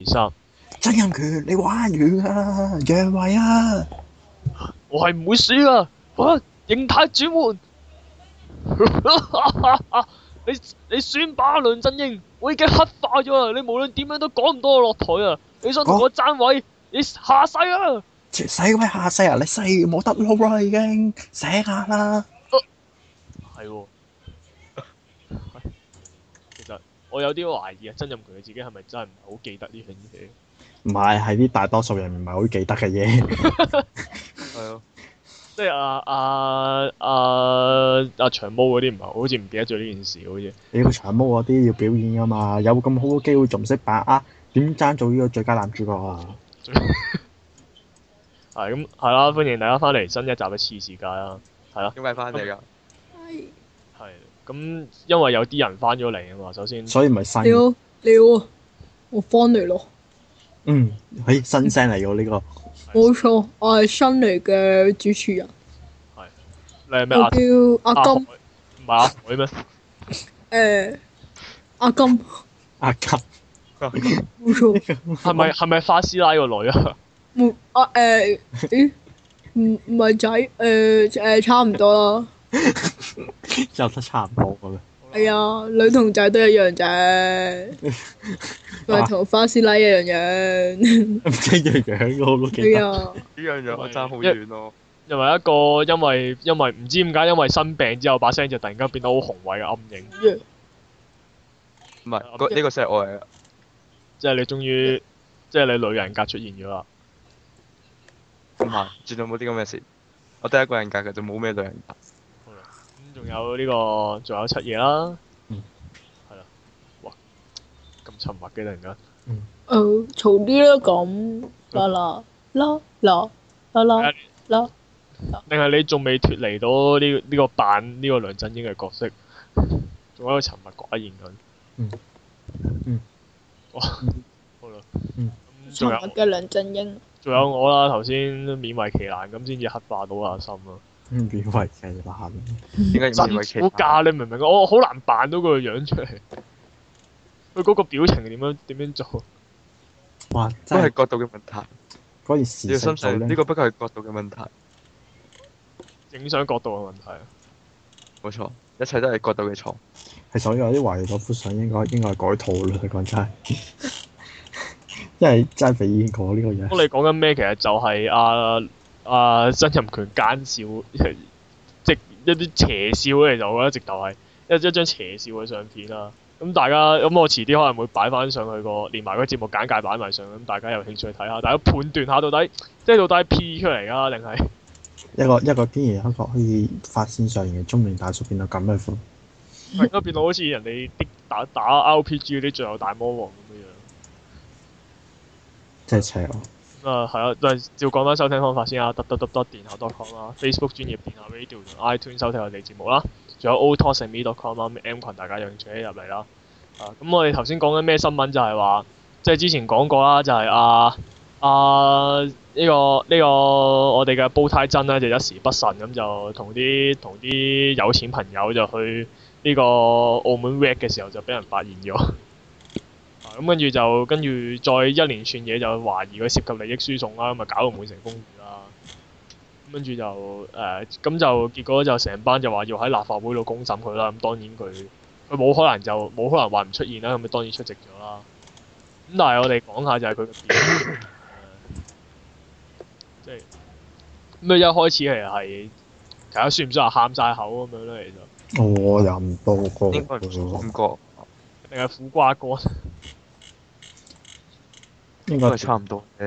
其實曾蔭權你玩完啦，讓位啊！我係唔會輸啊！形態轉換， 你你選吧，梁振英，我已經黑化咗啦！你無論點樣都趕唔到我落台我那啊，啊！你想同我爭位？你下世啊！使鬼下世啊！你世冇得撈啦，已經醒下啦！係喎、啊。我有啲懷疑啊，曾蔭權佢自己係咪真係唔係好記得呢樣嘢？唔係，係啲大多數人唔係好記得嘅嘢。係咯，即係阿阿阿阿長毛嗰啲唔係，好似唔記得咗呢件事好似。你個長毛嗰啲要表演㗎嘛？有咁好嘅機會仲唔識把握？點爭做呢個最佳男主角啊？係咁係啦，歡迎大家翻嚟新一集嘅《次世界》啊！係啊，點解翻嚟㗎？ 咁因為有啲人翻咗嚟啊嘛，首先所以唔係新你好，你好啊，我翻嚟咯。嗯，係、欸、新聲嚟嘅呢個。冇錯，我係新嚟嘅主持人。係，你係咩？我叫阿金唔馬會咩？誒、啊 呃，阿金，阿金，冇係咪係咪花師奶個女啊？冇啊,啊,啊、呃、誒，唔唔係仔誒誒，差唔多啦。有 得差唔多咁啊！哎呀，女同仔都一樣啫，同花師奶一樣樣。唔知樣樣我都記得，呢樣樣我爭好遠咯。又係一個因為因為唔知點解因為生病之後把聲就突然間變得好雄偉嘅暗影。唔係，呢個 set 我嚟，即係你終於，即係 Yeah. 你女人格出現咗啦。同埋絕對冇啲咁嘅事。我得一個人格嘅就冇咩女人格。仲有呢、這個，仲有七嘢啦。嗯，係啦。哇，咁沉默嘅突然間。嗯。嘈啲、呃、啦，咁啦啦啦啦啦啦。定係、啊、你仲未脱離到呢、這個？呢、這個扮呢、這個梁振英嘅角色，仲喺度沉默寡言咁。嗯。嗯。哇。嗯、好啦了。仲有沉默嘅梁振英。仲有,有我啦！頭先勉為其難咁，先至黑化到阿心啊。唔俾位企啦！真好假，你明唔明我好難扮到個樣出嚟。佢嗰個表情點樣？點樣做？哇！真都係角度嘅問題。可以試下做咧。呢個不過係角度嘅問題。影相角度嘅問題。冇錯，一切都係角度嘅錯。係所以有啲懷疑嗰幅相應該應該係改圖啦。你講真，因為真係鼻煙管呢個嘢。我你講緊咩？其實就係啊。啊，曾蔭、uh, 權奸笑， 即一啲邪笑嚟就，我覺得直頭係一一張邪笑嘅相片啦。咁大家，咁我遲啲可能會擺翻上去個連埋個節目簡介擺埋上，咁大家有興趣睇下，大家判斷下到底，即係到底 P 出嚟啊，定係一個一個竟然香港可以發線上型嘅中年大叔變到咁嘅款，變到好似人哋啲打打 RPG 啲最後大魔王咁嘅樣， 真係邪惡。咁啊，係啊、呃，就係照講翻收聽方法先啊得得得得，o t 電台 dotcom 啦 Facebook 專業電台 radio iTunes 收聽我哋節目啦，仲有 autonomousmedia.com 啊，M 群大家有興趣入嚟啦。咁、呃嗯、我哋頭先講緊咩新聞就係話，即、就、係、是、之前講過啦、就是，就係啊啊呢個呢個我哋嘅煲呔曾咧，就一時不慎咁就同啲同啲有錢朋友就去呢個澳門 rac 嘅時候就俾人發現咗。 咁跟住就跟住再一連串嘢就懷疑佢涉及利益輸送啦，咁咪搞到滿城風雨啦。咁跟住就誒，咁、呃、就結果就成班就話要喺立法會度公審佢啦。咁當然佢佢冇可能就冇可能話唔出現啦，咁咪當然出席咗啦。咁但係我哋講下就係佢嘅，即係咁佢一開始其實係睇下算唔算話喊晒口咁樣咯，其實、哦、我又唔到過，哥哥哥應該唔覺，定係苦瓜乾？ 應該係差唔多誒，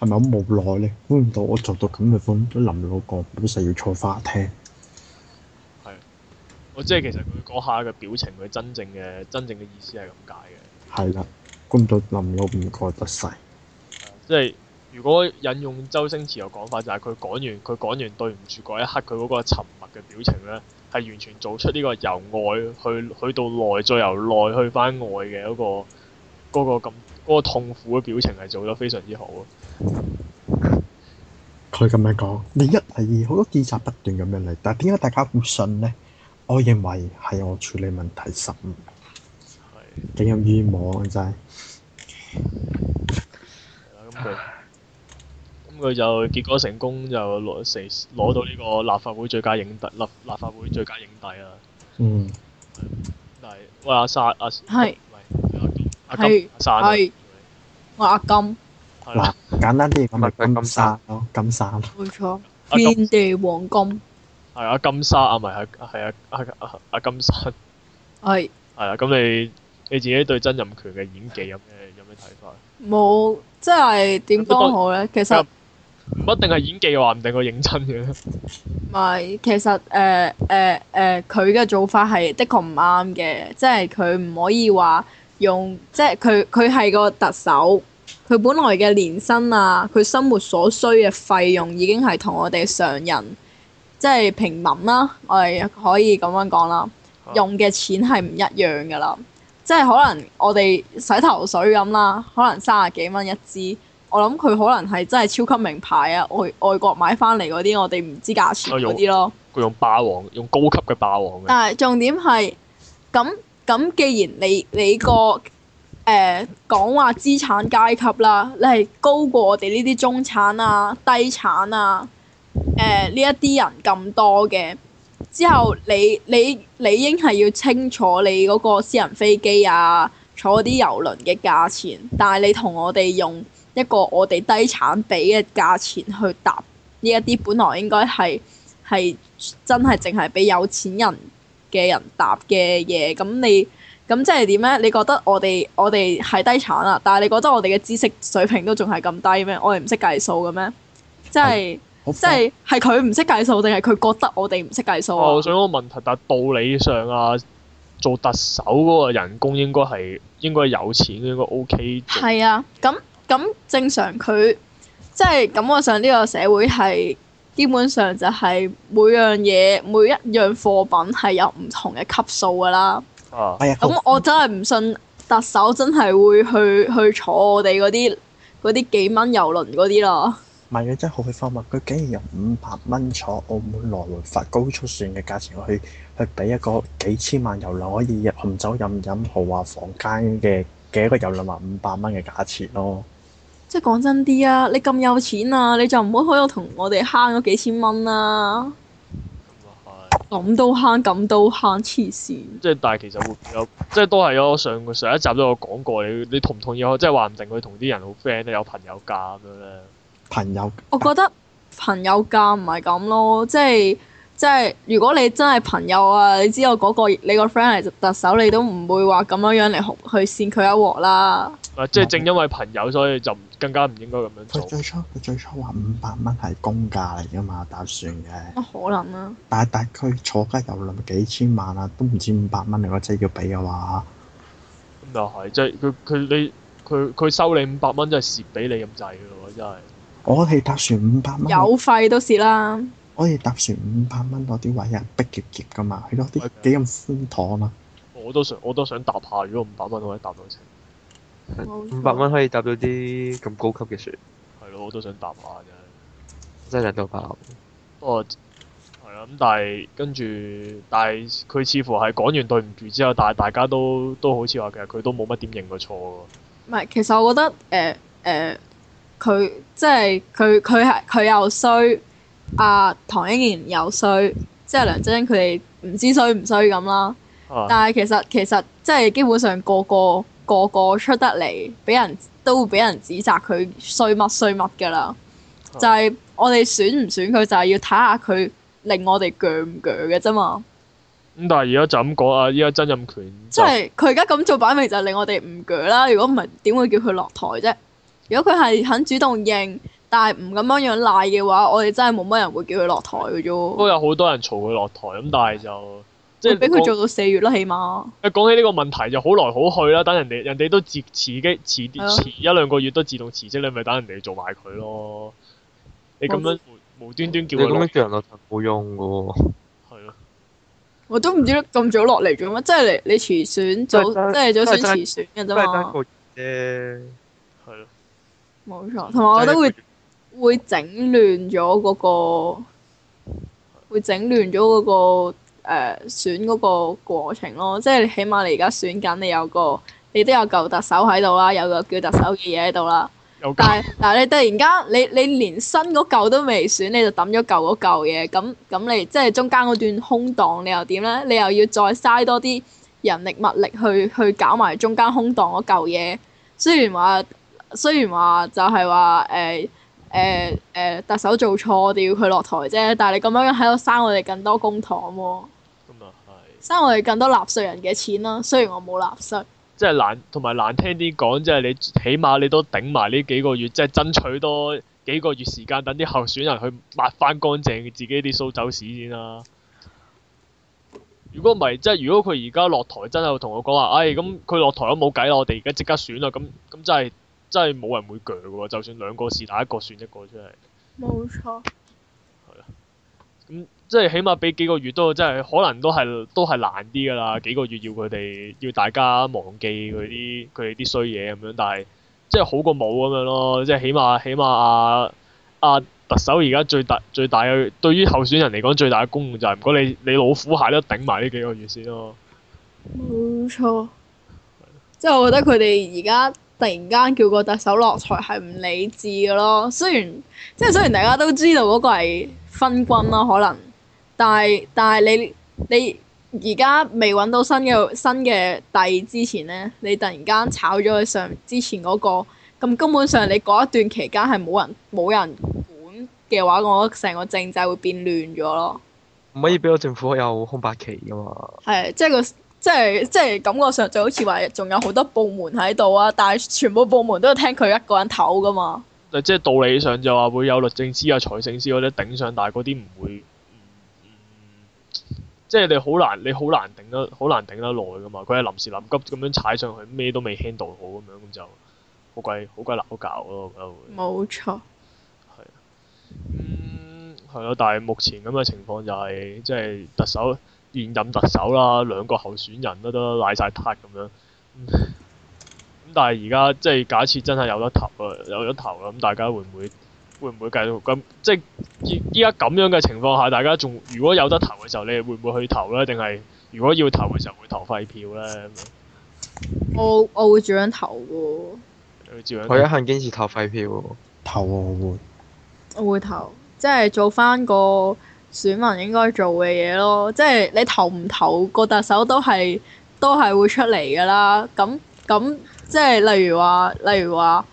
係咪好無奈咧？估唔到我做到咁嘅風，都林老講老細要坐花廳係我，即係其實佢嗰下嘅表情，佢真正嘅真正嘅意思係咁解嘅。係啦，觀到林老唔覺得晒，即係如果引用周星馳嘅講法，就係、是、佢講完佢講完對唔住嗰一刻，佢嗰個沉默嘅表情咧，係完全做出呢個由外去去到內，再由內去翻外嘅嗰、嗰個嗰咁。嗰個嗰嗰個痛苦嘅表情係做得非常之好啊！佢咁樣講，你一係二好多記者不斷咁樣嚟，但係點解大家會信呢？我認為係我處理問題失誤是，竟有冤枉真係咁佢，咁佢、啊、就結果成功就攞成攞到呢個立法會最佳影帝。立、嗯、立法會最佳影帝、嗯、啊！嗯，但係喂阿沙阿係。啊係係我阿金嗱，簡單啲咁咪金砂咯，金砂。冇錯，遍地黃金。係阿金砂啊，唔係係係阿阿阿金砂。係係啊，咁你你自己對曾蔭權嘅演技有咩有咩睇法？冇，即係點講好咧？其實唔一定係演技，話唔定佢認真嘅。唔係，其實誒誒誒，佢嘅做法係的確唔啱嘅，即係佢唔可以話。用即係佢，佢係個特首，佢本來嘅年薪啊，佢生活所需嘅費用已經係同我哋常人，即係平民啦，我哋可以咁樣講啦，用嘅錢係唔一樣噶啦，即係可能我哋洗頭水咁啦，可能三十幾蚊一支，我諗佢可能係真係超級名牌啊，外外國買翻嚟嗰啲，我哋唔知價錢嗰啲咯，佢、啊、用，用霸王，用高級嘅霸王。但係重點係咁。咁既然你你個誒、呃、講話資產階級啦，你係高過我哋呢啲中產啊、低產啊，誒呢一啲人咁多嘅，之後你你應該係要清楚你嗰個私人飛機啊，坐啲郵輪嘅價錢，但係你同我哋用一個我哋低產比嘅價錢去搭呢一啲本來應該係係真係淨係俾有錢人嘅人答嘅嘢，咁你咁即係點咧？你覺得我哋我哋係低產啊？但係你覺得我哋嘅知識水平都仲係咁低咩？我哋唔識計數嘅咩？即係、啊、即係係佢唔識計數定係佢覺得我哋唔識計數啊？我想問個問題，但係道理上啊，做特首嗰個人工應該係應該有錢，應該 OK。係啊，咁咁正常佢即係感覺上呢個社會係。基本上就係每樣嘢，每一樣貨品係有唔同嘅級數噶啦。哦。咁我真係唔信特首真係會去去坐我哋嗰啲啲幾蚊遊輪嗰啲咯。唔係嘅，真係好荒謬，佢竟然有五百蚊坐澳門來回發高速船嘅價錢，去去俾一個幾千萬遊輪可以入紅酒任飲豪華房間嘅嘅一個遊輪，話五百蚊嘅價錢咯。即係講真啲啊！你咁有錢啊，你就唔好可以同我哋慳咗幾千蚊啦、啊。咁、嗯、都慳，咁都慳，黐線。即係但係其實會,會有，即係都係咯。上上一集都有講過你，你同唔同意？我、就是，即係話唔定佢同啲人好 friend 都有朋友價咁樣咧。朋友。我覺得朋友價唔係咁咯，即係即係如果你真係朋友啊，你知我嗰、嗰個你個 friend 嚟特首，你都唔會話咁樣樣嚟去扇佢一鑊啦。即係正因為朋友，所以就更加唔應該咁樣做。佢最初，佢最初話五百蚊係公價嚟㗎嘛，搭船嘅。可能啊，但係但係佢坐街遊輪幾千萬啊，都唔知五百蚊嚟喎，即係要俾嘅話。咁就係、是，即係佢佢你佢佢收你五百蚊，即係蝕俾你咁滯嘅喎，真係。我係搭船五百蚊。油費都蝕啦。我哋搭船五百蚊攞啲位係逼夾夾㗎嘛，攞啲幾咁寬敞啊嘛 Okay.。我都想，我都想搭下。如果五百蚊可以搭到車五百蚊可以搭到啲咁高級嘅船，係咯，我都想搭下真係，真係兩套包。哦，係啦，咁但係跟住，但係佢似乎係講完對唔住之後，但係大家都都好似話，其實佢都冇乜點認過錯。唔係，其實我覺得誒誒，佢、呃呃、即係佢佢係佢又衰，阿、啊、唐英年又衰，即係梁振英佢哋唔知衰唔衰咁啦。啊、但係其實其實即係基本上個個。個個出得嚟，俾人都會俾人指責佢衰乜衰乜㗎啦。嗯、就係我哋選唔選佢，就係要睇下佢令我哋鋸唔鋸嘅啫嘛。咁、嗯、但係而家就咁講啊！依家曾蔭權即係佢而家咁做，擺明就令我哋唔鋸啦。如果唔係，點會叫佢落台啫？如果佢係肯主動認，但係唔咁樣樣賴嘅話，我哋真係冇乜人會叫佢落台嘅啫、嗯。都有好多人嘈佢落台，咁但係就。即係俾佢做到四月啦，起碼。誒，講起呢個問題就好來好去啦。等人哋，人哋都辭辭職，遲啲遲一,一兩個月都自動辭職，你咪等人哋做埋佢咯。你咁樣無，無端端叫，你咁樣叫人落台冇用嘅喎。係咯。我都唔知咁早落嚟做乜，即係你你辭選早，即係早選辭選嘅啫嘛。誒，係咯。冇錯，同埋我都會會整亂咗嗰、那個，會整亂咗嗰個。誒、呃、選嗰個過程咯，即係你起碼你而家選緊，你有個你都有舊特首喺度啦，有個叫特首嘅嘢喺度啦。有假。但係你突然間你你連新嗰嚿都未選，你就抌咗舊嗰嚿嘢，咁咁你即係中間嗰段空檔你又點咧？你又要再嘥多啲人力物力去去搞埋中間空檔嗰嚿嘢。雖然話雖然話就係話誒誒誒特首做錯，我哋要佢落台啫。但係你咁樣樣喺度嘥我哋更多公帑喎。省我哋更多納稅人嘅錢啦，雖然我冇納稅。即係難，同埋難聽啲講，即係你起碼你都頂埋呢幾個月，即係爭取多幾個月時間，等啲候選人去抹返乾淨自己啲蘇州屎先啦。如果唔係，即係如果佢而家落台真，真係會同我講話，唉，咁佢落台都冇計啦，我哋而家即刻選啦，咁咁真係真係冇人會鋸嘅喎，就算兩個是，但一個選一個出嚟。冇錯。係啊。咁、嗯。即係起碼俾幾個月都，即係可能都係都係難啲㗎啦。幾個月要佢哋要大家忘記嗰啲佢哋啲衰嘢咁樣，但係即係好過冇咁樣咯。即係起碼起碼啊，啊特首而家最大最大嘅，對於候選人嚟講最大嘅公務就係唔該你你老虎蟹都頂埋呢幾個月先咯。冇錯。即係我覺得佢哋而家突然間叫個特首落台係唔理智嘅咯。雖然即係雖然大家都知道嗰個係分軍啦，可能。但係，但係你你而家未揾到新嘅新嘅帝之前咧，你突然間炒咗佢。上之前嗰個咁，根本上你嗰一段期間係冇人冇人管嘅話，我成個政制會變亂咗咯。唔可以俾個政府有空白期噶嘛？係即係個即係即係感覺上就好似話仲有好多部門喺度啊，但係全部部門都係聽佢一個人唞噶嘛。即係道理上就話會有律政司啊、財政司嗰啲頂上大，但係嗰啲唔會。即係你好難你好難頂得好難頂得耐噶嘛，佢係臨時臨急咁樣踩上去，咩都未 handle 好咁樣，咁就好鬼好鬼難搞咯，我覺得會。冇錯。係。嗯，係咯，但係目前咁嘅情況就係，即係特首現任特首啦，兩個候選人都都瀨晒塔咁樣。咁，嗯， 但係而家即係假設真係有得投啊，有得投咁，大家會唔會？會唔會繼續咁？即係依家咁樣嘅情況下，大家仲如果有得投嘅時候，你哋會唔會去投呢？定係如果要投嘅時候會投廢票呢？我我會照樣投㗎。我，我，我一向堅持投廢票。投喎。我會投，即係做翻個選民應該做嘅嘢咯。即係你投唔投，個特首都係都係會出嚟㗎啦。咁咁即係例如話，例如話。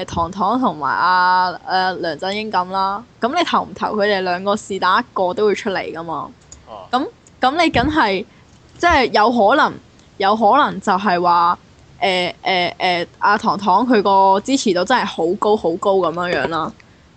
誒唐唐同埋阿誒梁振英咁啦，咁你投唔投佢哋兩個是但一個都會出嚟㗎嘛？哦、啊，咁咁你梗係即係有可能，有可能就係話誒誒誒，阿、欸欸欸啊、唐唐佢個支持度真係好高好高咁樣樣啦。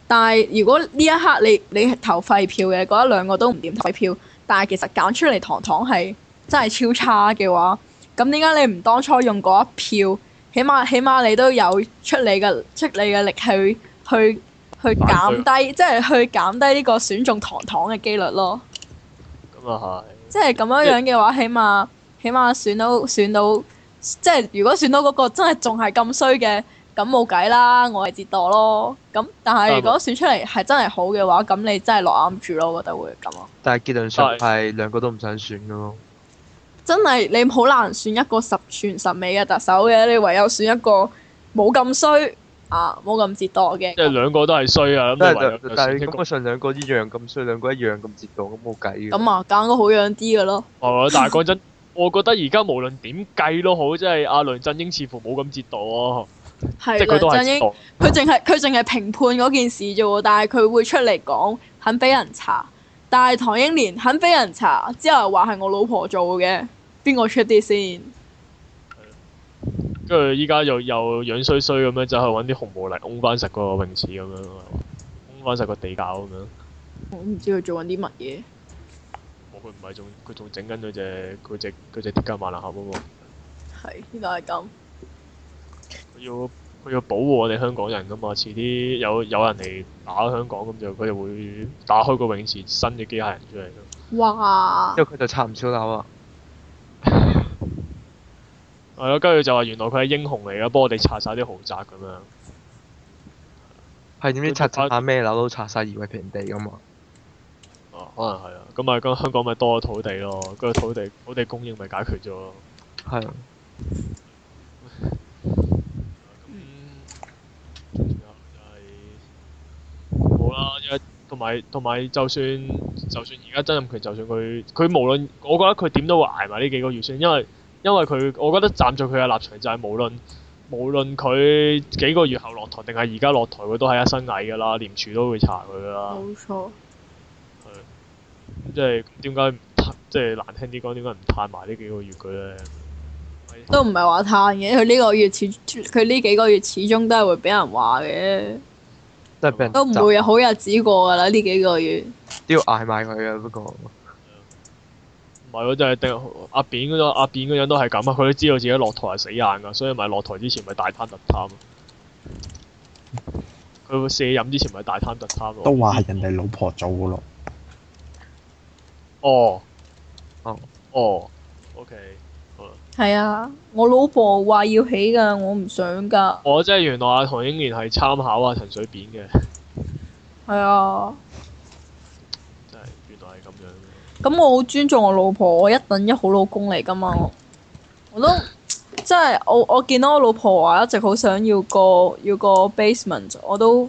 但係如果呢一刻你你投廢票嘅嗰一兩個都唔點廢票，但係其實揀出嚟唐唐係真係超差嘅話，咁點解你唔當初用嗰一票？起碼起碼你都有出你嘅出你嘅力去去去減低，水即係去減低呢個選中糖糖嘅機率咯。咁啊係。即係咁樣樣嘅話，嗯、起碼起碼選到選到，即係如果選到嗰個真係仲係咁衰嘅，咁冇計啦，我係折墮咯。咁但係如果選出嚟係真係好嘅話，咁你真係落啱住咯，我覺得會咁咯。但係結論上係兩個都唔想選㗎咯。真係你好難選一個十全十美嘅特首嘅，你唯有選一個冇咁衰啊，冇咁折墮嘅。即係兩個都係衰啊！即係但係咁啊，上兩個一樣咁衰，兩個一樣咁折墮，咁冇計。咁啊，揀個好樣啲嘅咯。但係講真，我覺得而家無論點計都好，即係阿梁振英似乎冇咁折墮啊。係梁振英，佢淨係佢淨係評判嗰件事啫喎，但係佢會出嚟講肯俾人查，但係唐英年肯俾人查之後話係我老婆做嘅。邊個出啲先？跟住依家又又樣衰衰咁，就係，樣，就去揾啲紅毛嚟拱返實個泳池咁樣，拱返實個地窖咁樣。我唔知佢做緊啲乜嘢。佢唔係仲佢仲整緊嗰隻嗰隻嗰隻鐵甲萬能俠啊！喎，係原來係咁。佢要佢要保護我哋香港人㗎嘛！遲啲有有人嚟打香港咁，就佢就會打開個泳池，新嘅機械人出嚟咯。哇！因為佢就拆唔少樓啊！係咯，跟住、啊、就話原來佢係英雄嚟噶，幫我哋拆晒啲豪宅咁樣。係點樣拆晒咩樓都拆晒，夷為平地噶嘛？哦、啊，可能係啊，咁咪咁香港咪多咗土地咯，嗰、嗰個土地土地供應咪解決咗咯。係、啊。咁， 仲有就係、是，好啦。因為，同埋同埋，就算就算而家曾蔭權，就算佢，佢無論，我覺得佢點都會挨埋呢幾個月先，因為。因為佢，我覺得站在佢嘅立場就係無論無論佢幾個月後落台定係而家落台，佢都係一身蟻㗎啦，廉署都會查佢㗎啦。冇錯。係。即係點解即係難聽啲講，點解唔攤埋呢幾個月佢咧？都唔係話攤嘅，佢呢個月始佢呢幾個月始終都係會俾人話嘅，嗯、都唔會有好日子過㗎啦，呢、嗯、幾個月。都要捱埋佢嘅不過。係咯，就係阿扁嗰個，阿、啊、扁嗰、啊、人都係咁啊！佢都知道自己落台係死硬噶，所以咪落台之前咪大貪特貪啊！佢會卸任之前咪大貪特貪咯。都話係人哋老婆做噶咯、哦啊。哦，哦，OK，好。係啊，我老婆話要起噶，我唔想噶。我即係原來阿唐英年係參考阿、啊、陳水扁嘅。係啊。咁我好尊重我老婆，我一等一好老公嚟噶嘛！我都即係我我見到我老婆話一直好想要個要個 basement，我都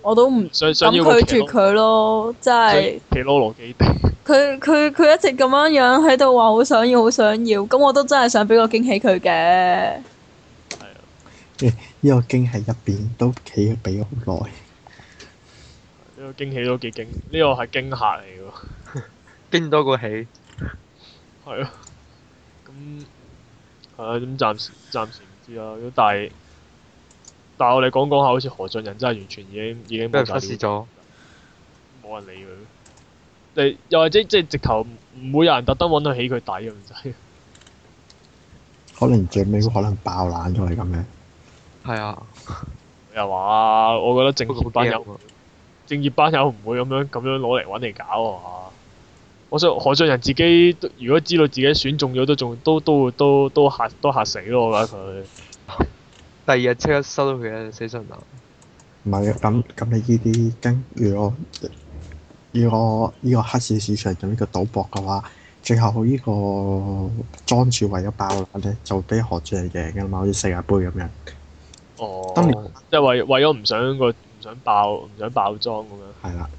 我都唔想咁拒絕佢咯，即係。皮勞羅幾佢佢佢一直咁樣樣喺度話好想要好想要，咁我都真係想俾個驚喜佢嘅。係啊。誒，呢個驚喜入邊，欸這個，都企畀咗好耐。呢 個驚喜都幾驚，呢，這個係驚嚇嚟喎。經多過起，係咯、嗯，咁係啊，咁、嗯、暫時暫時唔知啊。但係，但係我哋講講下，好似何俊仁真係完全已經已經忽視咗，冇人理佢。你又或者即係直頭唔會有人特登揾佢起佢底咁滯，嗯嗯嗯、 可能最尾可能爆冷咗嚟，咁樣。係 啊，又話 我覺得政府班友，啊、正業班友唔會咁樣咁樣攞嚟揾嚟搞啊。我想何俊仁自己如果知道自己選中咗都仲都都都都嚇都嚇死咯！我覺得佢第二日即刻收到佢嘅私信啊！唔係咁咁你呢啲跟，如果如果呢個黑市市場做呢個賭博嘅話，最後個了了呢個莊主為咗爆嘅話咧，就俾何俊仁贏嘅嘛，好似世界杯咁樣。哦、呃。當然年，即係為為咗唔想個唔想爆唔想爆莊咁樣。係啦。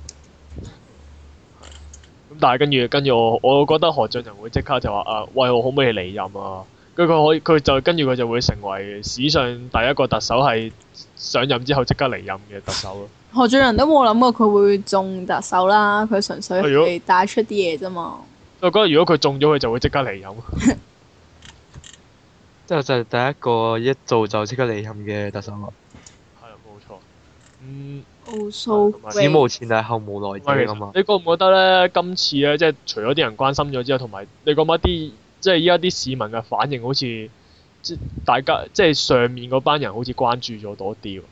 但係跟住跟住我，我覺得何俊仁會即刻就話啊，喂，我可唔可以離任啊？跟住佢可以，佢就跟住佢就會成為史上第一個特首係上任之後即刻離任嘅特首咯。何俊仁都冇諗過佢會中特首啦，佢純粹係帶出啲嘢啫嘛。我覺得如果佢中咗，佢就會即刻離任。即係就係第一個一做就即刻離任嘅特首咯。係啊，冇 錯。嗯，史無前例，後無來者，你覺唔覺得呢？今次呢，即係除咗啲人關心咗之後，同埋你覺得啲即係依家啲市民嘅反應好，好似即大家即係上面嗰班人好似關注咗多啲喎。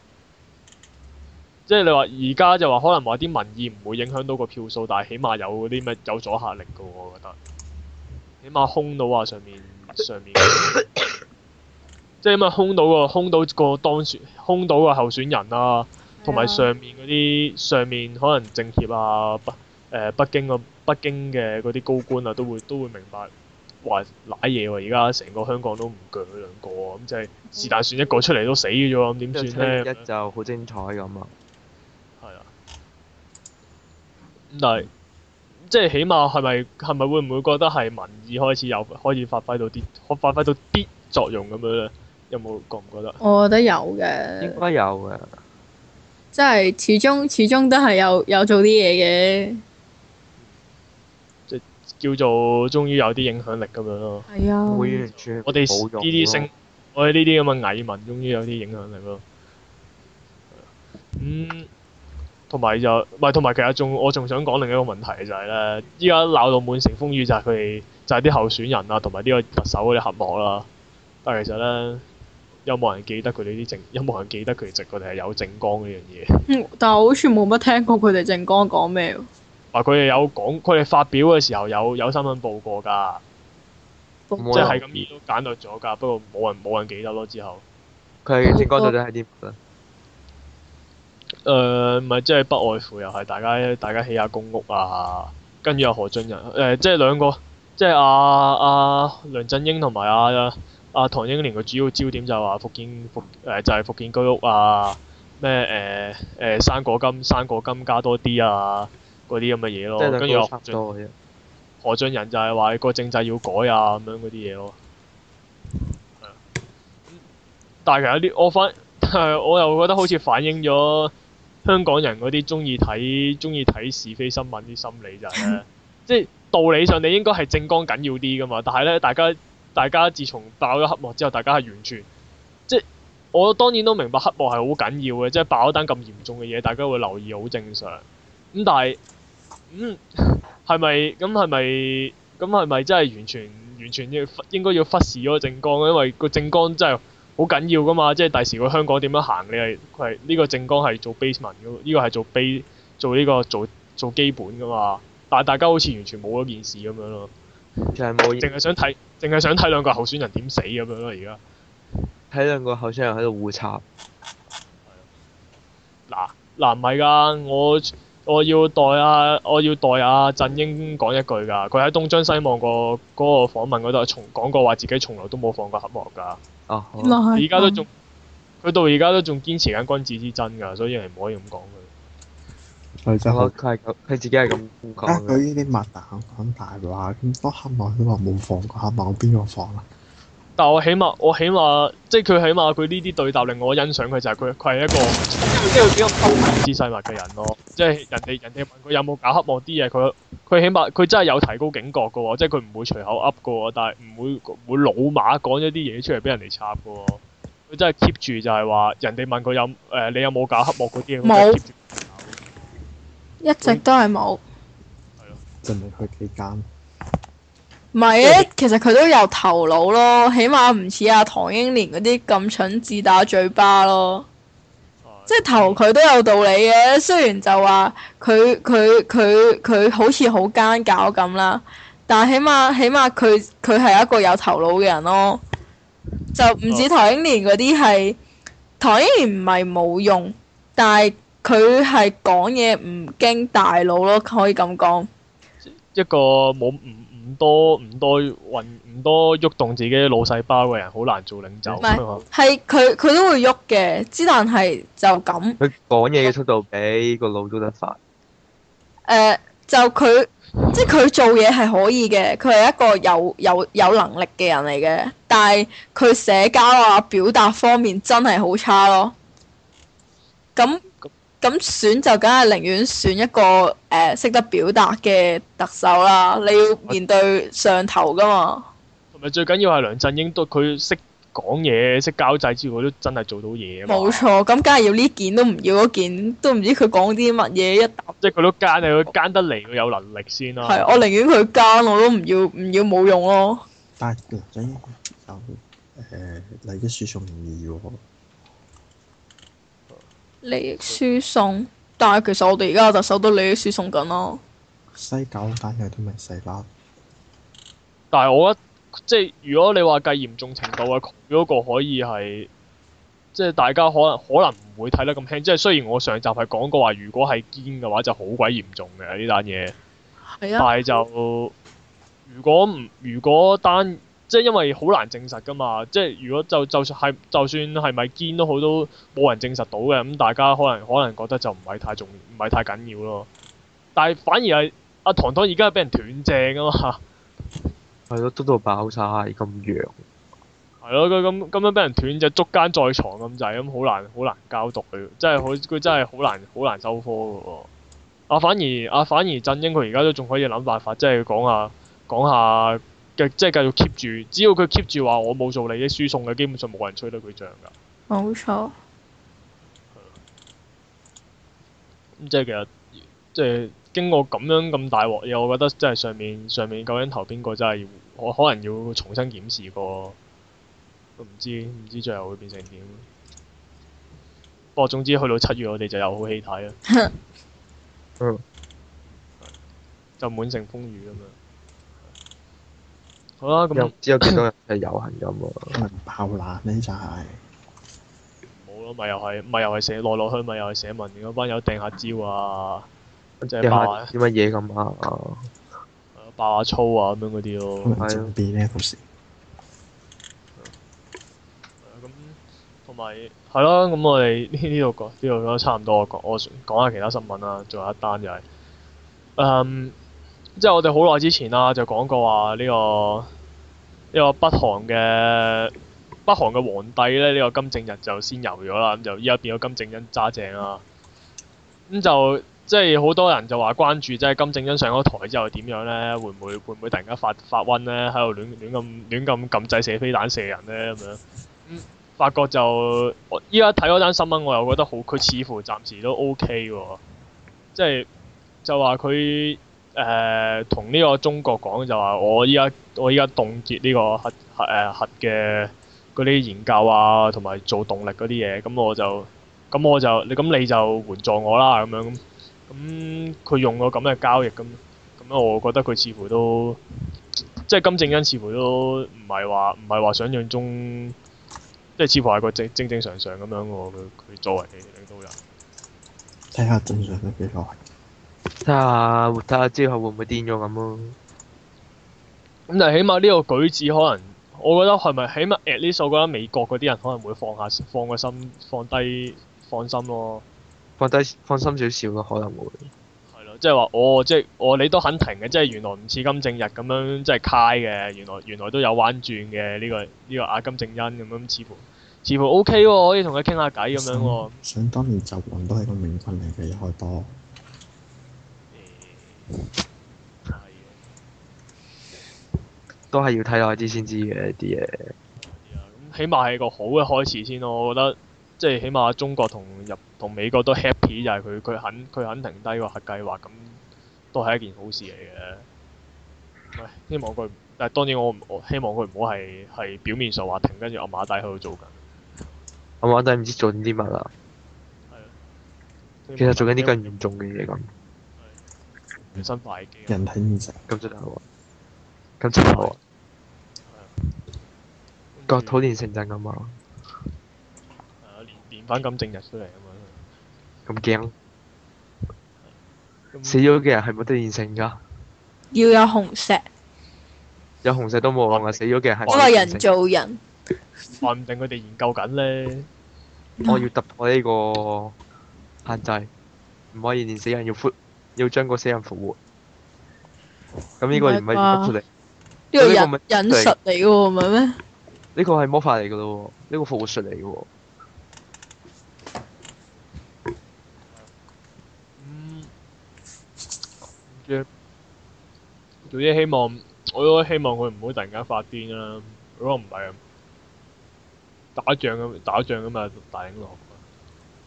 即係你話而家就話可能話啲民意唔會影響到個票數，但係起碼有嗰啲咩有阻嚇力嘅我覺得。起碼空到啊！上面上面，即係起碼空到個空到個當選空到個候選人啦、啊。同埋上面嗰啲上面可能政協啊，北、誒、呃、北京個、啊、北京嘅嗰啲高官啊都會都會明白，話瀨嘢喎！而家成個香港都唔鋸佢兩個啊，咁就係是但選一個出嚟都死咗咁點算呢？一，一就好精彩咁啊！係啊，但係即係起碼係咪係咪會唔會覺得係民意開始有開始發揮到啲發發揮到啲作用咁樣咧？有冇覺唔覺得？我覺得有嘅。應該有嘅。即係始終始終都係有有做啲嘢嘅，即叫做終於有啲影響力咁樣咯。係啊，我哋呢啲星，我哋呢啲咁嘅蟻民，終於有啲影響力咯。咁同埋就，唔係，同埋其實仲我仲想講另一個問題就係咧，依家鬧到滿城風雨就係佢哋，就係啲候選人啊，同埋呢個特首嗰啲合謀啦。但係其實咧。有冇人記得佢哋啲政？有冇人記得佢哋直過定係有政綱呢樣嘢？嗯，但係我好似冇乜聽過佢哋政綱講咩？啊！佢哋有講，佢哋發表嘅時候有有新聞報過㗎，即係咁簡略咗㗎。不過冇人冇人，人記得咯。之後佢係政綱到底係點？唔咪即係不外乎又係大家大家起下公屋啊，跟住又何俊仁誒，即、呃、係、就是、兩個，即係阿阿梁振英同埋阿。啊，唐英年個主要焦點就話福建福、誒，就係福建居屋啊，咩誒、誒生果金、生果金加多啲啊，嗰啲咁嘅嘢咯。跟住何俊仁就係話個政制要改啊，咁樣嗰啲嘢咯。係啊。但係有啲我反，但係我又覺得好似反映咗香港人嗰啲中意睇、中意睇是非新聞啲心理就啫、是。即係 道理上你應該係正光緊要啲噶嘛，但係咧大家。大家自從爆咗黑幕之後，大家係完全即係我當然都明白黑幕係好緊要嘅，即係爆一單咁嚴重嘅嘢，大家會留意好正常。咁但係，嗯係咪？咁係咪？咁係咪真係完全完全要忽應該要忽視咗政綱？因為個政綱真係好緊要噶嘛，即係第時個香港點樣行？你係佢係呢個政綱係做 basement 喎，呢、這個係做 bas 做呢、這個做做基本噶嘛。但係大家好似完全冇咗件事咁樣咯。就係冇，淨係想睇，淨係想睇兩個候選人點死咁樣咯。而家睇兩個候選人喺度互插，啊。嗱嗱唔係㗎，我我要代阿、啊、我要代阿、啊、振英講一句㗎，佢喺東張西望個嗰個訪問嗰度從講過話自己從來都冇放過黑幕㗎。哦、啊，而家都仲，佢到而家都仲堅持緊君子之爭㗎，所以係唔可以咁講。佢就佢佢自己係咁講，佢呢啲擘大講大話，咁黑幕都話冇放，黑幕邊個放啊？但我起碼我起碼即係佢起碼佢呢啲對答令我欣賞佢就係佢係一個即係比較透明之細密嘅人咯。即係人哋人哋問佢有冇搞黑幕啲嘢，佢佢起碼佢真係有提高警覺噶，即係佢唔會隨口噏噶，但係唔會會老馬講咗啲嘢出嚟俾人哋插噶。佢真係 keep 住就係話人哋問佢有誒、呃，你有冇搞黑幕嗰啲嘢。一直都係冇。係咯的，就未去幾間。唔係啊，其實佢都有頭腦咯，起碼唔似阿唐英年嗰啲咁蠢，自打嘴巴咯。啊、即係頭，佢都有道理嘅。雖然就話佢佢佢佢好似好奸狡咁啦，但係起碼起碼佢佢係一個有頭腦嘅人咯。就唔似唐英年嗰啲係，啊、唐英年唔係冇用，但係。佢係講嘢唔驚大腦咯，可以咁講。一個冇唔唔多唔多運唔多喐動自己腦細胞嘅人，好難做領袖。唔係，係，佢佢、嗯、都會喐嘅，之但係就咁。佢講嘢嘅速度比個腦都得快。誒、呃，就佢即係佢做嘢係可以嘅，佢係一個有有有能力嘅人嚟嘅，但係佢社交啊、表達方面真係好差咯。咁。咁選就梗係寧願選一個誒識得表達嘅特首啦，你要面對上頭噶嘛。同埋最緊要係梁振英都佢識講嘢、識交際之外，都真係做到嘢。冇錯，咁梗係要呢件都唔要嗰件，都唔知佢講啲乜嘢一答。即係佢都奸，佢奸得嚟，佢有能力先啦。係，我寧願佢奸我都唔要，唔要冇用咯。但係梁振英又誒嚟嘅輸送唔易喎。利益輸送，但係其實我哋而家就收到利益輸送緊咯。西九單嘢都咪細粒，但係我覺得即係如果你話計嚴重程度啊，佢嗰個可以係即係大家可能可能唔會睇得咁輕，即係雖然我上集係講過話，如果係堅嘅話就好鬼嚴重嘅呢單嘢，但係就如果唔如果單。即係因為好難證實噶嘛，即係如果就就算係就算係咪堅都好都冇人證實到嘅，咁、嗯、大家可能可能覺得就唔係太重唔係太緊要咯。但係反而係阿、啊、唐唐而家俾人斷正啊嘛，係咯，都到爆曬咁弱，係咯，咁咁樣俾人斷就捉奸在床咁滯，咁、嗯、好難好難交代嘅，真係佢真係好難好難收科嘅喎。阿反而啊，反而振、啊、英佢而家都仲可以諗辦法，即係講下講下。講即係繼續 keep 住，只要佢 keep 住話我冇做利益輸送嘅，基本上冇人吹得佢脹㗎。冇錯。嗯、即係其實，即係經過咁樣咁大鑊嘢，我覺得真係上面上面究竟投邊個真係，我可能要重新檢視過。都唔知唔知最後會變成點？不過總之去到七月，我哋就有好戲睇啦。 就滿城風雨咁樣。好啦、啊，咁唔只有幾多人係遊行咁喎、啊，文、嗯、爆爛呢就係冇咯，咪又係咪又係寫來來去去咪又係寫文班友掟下蕉啊，就係爆啲乜嘢咁啊，爆下粗啊咁樣嗰啲咯，係啊。咁同埋係咯，咁我哋呢度講呢度都差唔多講，我講下其他新聞啦。仲有一單就係、是、嗯。Um, 即係我哋好耐之前、啊講這個這個這個、啦，就講過話呢個呢個北韓嘅北韓嘅皇帝咧，呢個金正日就仙遊咗啦，咁、嗯、就而家變咗金正恩揸正啦。咁就即係好多人就話關注，即係金正恩上咗台之後點樣咧？會唔會會唔會突然間發發瘟咧？喺度亂亂咁亂咁撳掣射飛彈射人咧？咁樣。嗯。發覺就我依家睇嗰單新聞，我又覺得好，佢似乎暫時都 OK 喎。即係就話佢。誒，同呢個中國講就話，我依家我依家凍結呢個核核誒核嘅嗰啲研究啊，同埋做動力嗰啲嘢，咁我就咁我就你咁你就援助我啦咁樣咁，佢用個咁嘅交易咁，咁我覺得佢似乎都即係金正恩似乎都唔係話唔係話想像中，即係似乎係個正正正常常咁樣個佢佢作為領導人，睇下正常得幾耐。睇下，睇下之後會唔會癲咗咁咯？咁就起碼呢個舉止可能，我覺得係咪起碼 at least 我覺得美國嗰啲人可能會放下放個心，放低放心咯，放低放心少少咯，可能會係咯，就是，即係話我即係我你都肯停嘅，即係原來唔似金正日咁樣，即係 high 嘅，原來原來都有玩轉嘅呢個呢，呢個阿金正恩咁樣，似乎似乎 OK 喎，可以同佢傾下偈咁樣。想當年就，習王都係個名分嚟嘅，又開波。都係要睇耐啲先知嘅啲嘢。咁起碼係一個好嘅開始先咯，我覺得即係起碼中國同入同美國都 happy 就係佢佢肯佢肯停低個核計劃，咁都係一件好事嚟嘅。希望佢，但係當然我我希望佢唔好係係表面上話停，跟住暗孖底喺度做緊。暗孖底唔知做緊啲乜啊？其實做緊啲更嚴重嘅嘢咁。新怪機，人體煉成咁出頭啊！咁出頭啊！國土煉成陣咁啊！連連翻咁整就出嚟啊嘛！咁驚？死咗嘅人係冇得煉成噶？要有紅石，有紅石都冇啊！死咗嘅係冇得煉成。我話人造人，話唔定佢哋研究緊咧。我要突破呢個限制，唔可以煉死人，要 foot。要將個死人復活，咁呢個唔係乜出嚟？呢個忍術嚟嘅喎，唔係咩？呢個係魔法嚟嘅咯，呢、這個復活術嚟嘅。嗯，最，總之希望我都希望佢唔好突然間發癲啦。如果唔係，打仗嘅打仗咁啊嘛，大英落。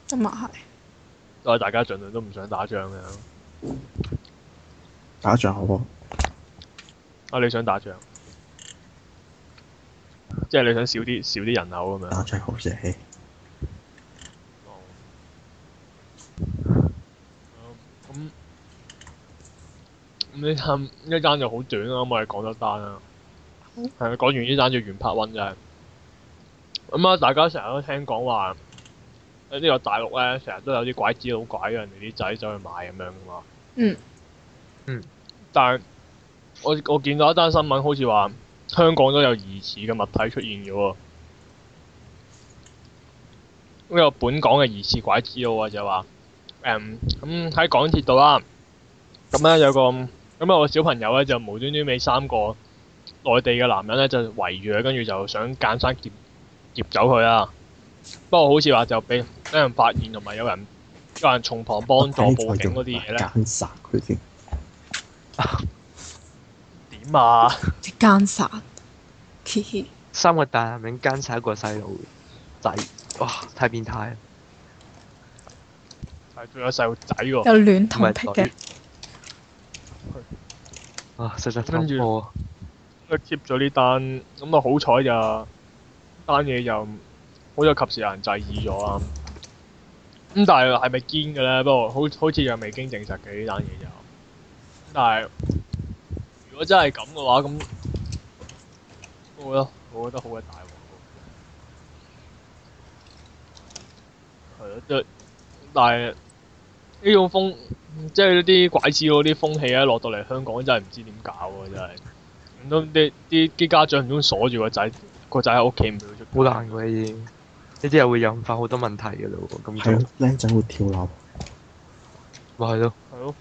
咁又係。都係大家盡量都唔想打仗嘅。打仗好唔好，啊你想打仗？即係你想少啲少啲人口咁樣。打仗好邪氣。咁你探一單就好短啊，咁我哋講得單啊，係啊、嗯，講完呢單就完。拍溫就係。咁、嗯、啊，大家成日都聽講話。呢個大陸咧，成日都有啲拐子佬拐人哋啲仔走去買咁樣噶嘛。嗯。嗯。但係我我見到一單新聞，好似話香港都有疑似嘅物體出現嘅喎。呢、呢個本港嘅疑似拐子佬啊，就話，誒咁喺港鐵度啦，咁、嗯、咧、嗯、有個咁啊個小朋友咧就無端端俾三個內地嘅男人咧就圍住，佢，跟住就想監生劫劫走佢啊！不過好似話就俾有人發現，同埋有，有人有人從旁幫助報警嗰啲嘢咧。奸殺佢先。點 啊？奸殺，嘻嘻。三個大男人奸殺一個細路仔。哇！太變態。係仲有細路仔喎。又亂捅劈嘅。啊！實實跟住我，佢 keep 咗呢單，咁啊好彩就單嘢又。好在及時有人制止咗啦，咁但係係咪堅嘅咧？不過好好似又未經證實嘅呢單嘢又。但係如果真係咁嘅話，咁我覺得我覺得好鬼大鑊。係啊，即係但係呢種風，即係一啲拐子嗰啲風氣咧，落到嚟香港真係唔知點搞啊！真係唔通啲啲啲家長唔通鎖住個仔，個仔喺屋企唔俾佢出。好難嘅已經。呢啲又會引發好多問題嘅咯，咁就係咯，靚仔會跳樓，咪係咯，係咯，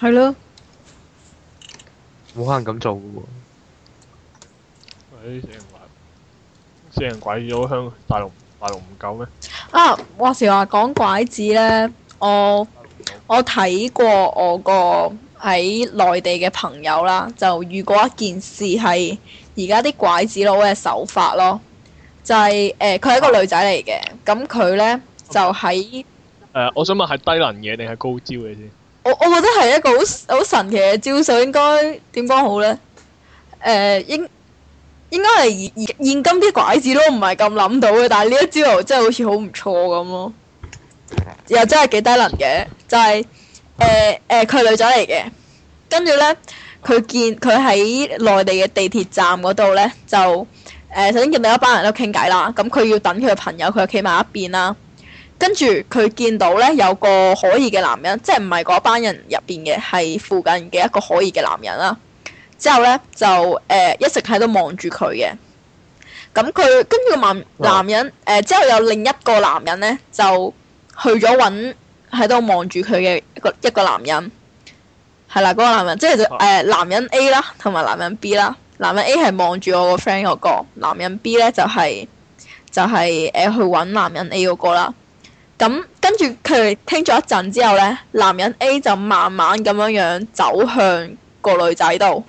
係咯，冇可能咁做嘅喎。喂，死人拐，死人拐咗香大陸，大陸唔夠咩？啊，話時話講拐子咧，我我睇過我個喺內地嘅朋友啦，就遇過一件事係而家啲拐子佬嘅手法咯。就係誒，佢係一個女仔嚟嘅，咁佢咧就喺誒，我想問係低能嘢定係高招嘅先？我我覺得係一個好好神奇嘅招數，應該點講好咧？誒，應應該係現今啲拐子都唔係咁諗到嘅，但係呢一招又真係好似好唔錯咁咯，又真係幾低能嘅。就係誒誒，佢女仔嚟嘅，跟住咧佢見佢喺內地嘅地鐵站嗰度咧就。誒、呃、首先見到一班人都傾偈啦，咁、嗯、佢要等佢嘅朋友，佢就企埋一邊啦。跟住佢見到咧有個可疑嘅男人，即係唔係嗰班人入邊嘅，係附近嘅一個可疑嘅男人啦。之後咧就誒、呃、一直喺度望住佢嘅。咁、嗯、佢跟住個男男人誒、呃，之後有另一個男人咧就去咗搵喺度望住佢嘅一個一個男人，係啦，嗰、那個男人即係誒、呃、男人 A 啦，同埋男人 B 啦。男人 A 係望住我個 friend 嗰個，男人 B 咧就係、是、就係、是、誒、呃、去搵男人 A 嗰個啦、那個。咁、嗯、跟住佢哋傾咗一陣之後咧，男人 A 就慢慢咁樣樣走向個女仔度，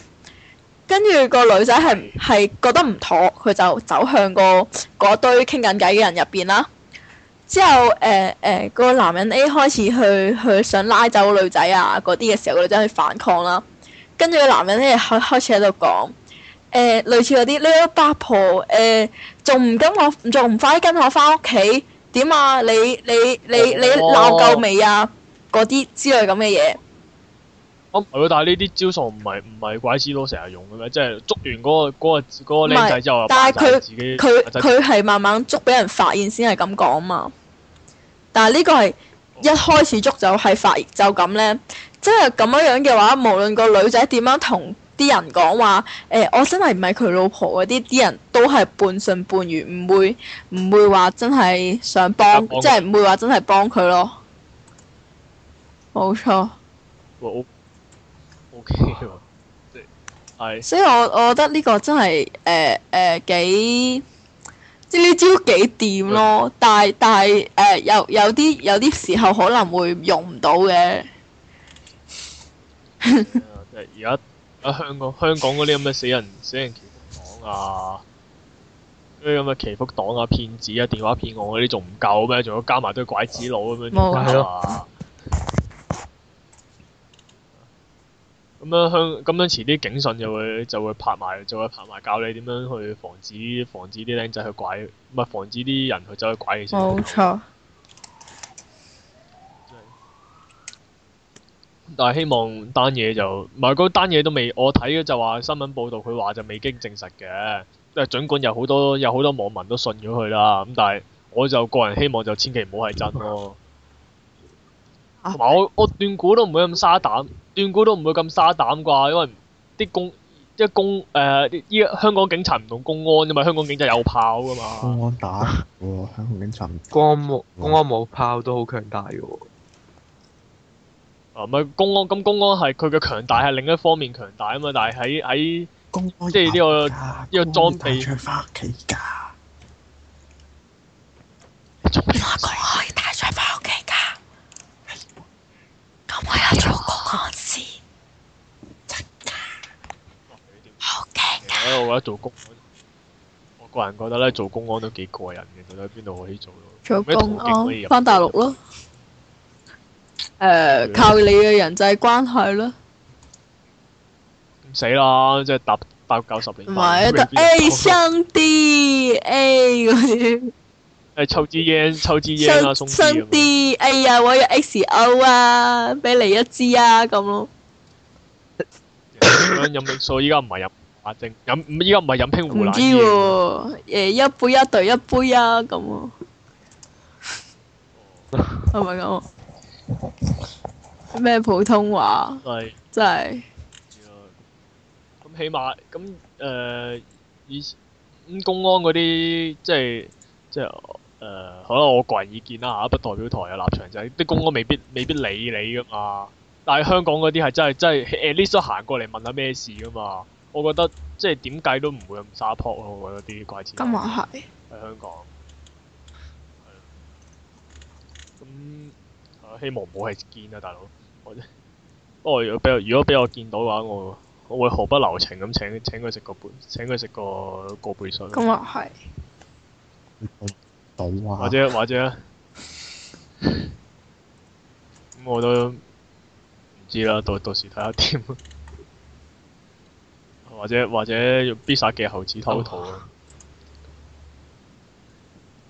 跟住個女仔係係覺得唔妥，佢就走向、那個嗰堆傾緊偈嘅人入邊啦。之後誒誒、呃呃、個男人 A 開始去去想拉走個女仔啊嗰啲嘅時候，個女仔去反抗啦。跟住個男人咧開開始喺度講。誒，類似嗰啲，你阿八婆，誒，仲唔跟我，仲唔快啲跟我翻屋企？點啊，你你你你鬧夠未啊？嗰啲之類咁嘅嘢。咁係咯，但係呢啲招數唔係唔係拐子佬成日用嘅咩？即係捉完嗰個嗰個嗰個靚仔之後，但係佢佢佢係慢慢捉俾人發現先係咁講嘛。但係呢個係一開始捉就係發現就咁咧，即係咁樣樣嘅話，無論個女仔點樣同。啲人講話誒，我真係唔係佢老婆嗰啲，啲人都係半信半疑，唔會唔會話真係想幫，啊、即係唔會話真係幫佢咯。冇錯，哇，O，O，K 喎，即係係。OK, 所以哎、所以我我覺得呢個真係誒誒幾，即係呢招幾掂咯。哎、但係但係誒、呃，有有啲有啲時候可能會用唔到嘅。即係而家。啊！香港香港嗰啲咁嘅死人死人祈福黨啊，嗰啲咁嘅祈福黨啊、騙子啊、電話騙案嗰啲仲唔夠咩？仲要加埋對拐子佬咁樣點解啊？咁樣香咁樣遲啲警訊就會就會拍埋就會拍埋教你點樣去防止防止啲靚仔去拐，唔係防止啲人去走去拐你先。冇錯。但係希望單嘢就，唔係嗰單嘢都未，我睇嘅就話新聞報道，佢話就未經證實嘅。誒，儘管有好多有好多網民都信咗佢啦，咁但係我就個人希望就千祈唔好係真咯、啊啊。我我斷估都唔會咁沙膽，斷估都唔會咁沙膽啩，因為啲公即係公誒依、呃、香港警察唔同公安因為，香港警察有炮噶嘛。公安打 香港警察不不公。公安冇公安冇炮都好強大嘅喎。唔係、啊、公安，咁公安係佢嘅強大係另一方面強大啊嘛，但係喺喺即係呢個呢個裝備，帶出翻屋企㗎，邊個可以帶出翻屋企㗎？咁我有做公安先，好勁㗎！我覺得做公安，我個人覺得咧，做公安都幾過癮嘅，覺得邊度可以做到？做公安，翻、啊、大陸咯。誒，靠你嘅人際關係啦！唔死啦，即係搭八九十年。唔係啊，得誒兄弟，誒嗰啲。誒，抽支煙，抽支煙啊，兄弟。兄弟，哎呀，我有 xo 啊，俾你一支啊，咁咯。飲飲數依家唔係飲反正，飲依家唔係飲拼湖南煙。唔知喎，誒，一杯一對一杯啊，咁啊。係咪咁啊？咩普通話？真係。咁起碼咁誒，以前咁、嗯、公安嗰啲，即係即係誒，可能我個人意見啦吓，不代表台嘅立場、就是，就係啲公安未必未必理你㗎嘛。但係香港嗰啲係真係真係，at least 行過嚟問下咩事㗎嘛。我覺得即係點計都唔會咁撒潑咯。我覺得啲怪事。咁啊係。喺香港。咁。我希望唔好係見啊，大佬。我，不過如果俾我，如果俾我見到嘅話，我我會毫不留情咁請請佢食個杯，請佢食個，個個杯水。咁話係。或者或者，咁、 嗯、我都唔知啦。到到時睇下點。或者或者用必殺嘅猴子偷圖。我呢、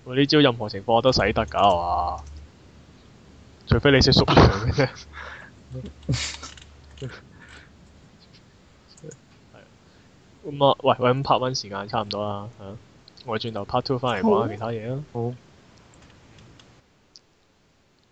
哦欸、招任何情況我都使得㗎，係嘛？除非你識熟人嘅啫，係啊，咁啊，喂喂，part one 時間差唔多啦嚇、啊，我轉頭 part two 翻嚟講下其他嘢啊，好。好。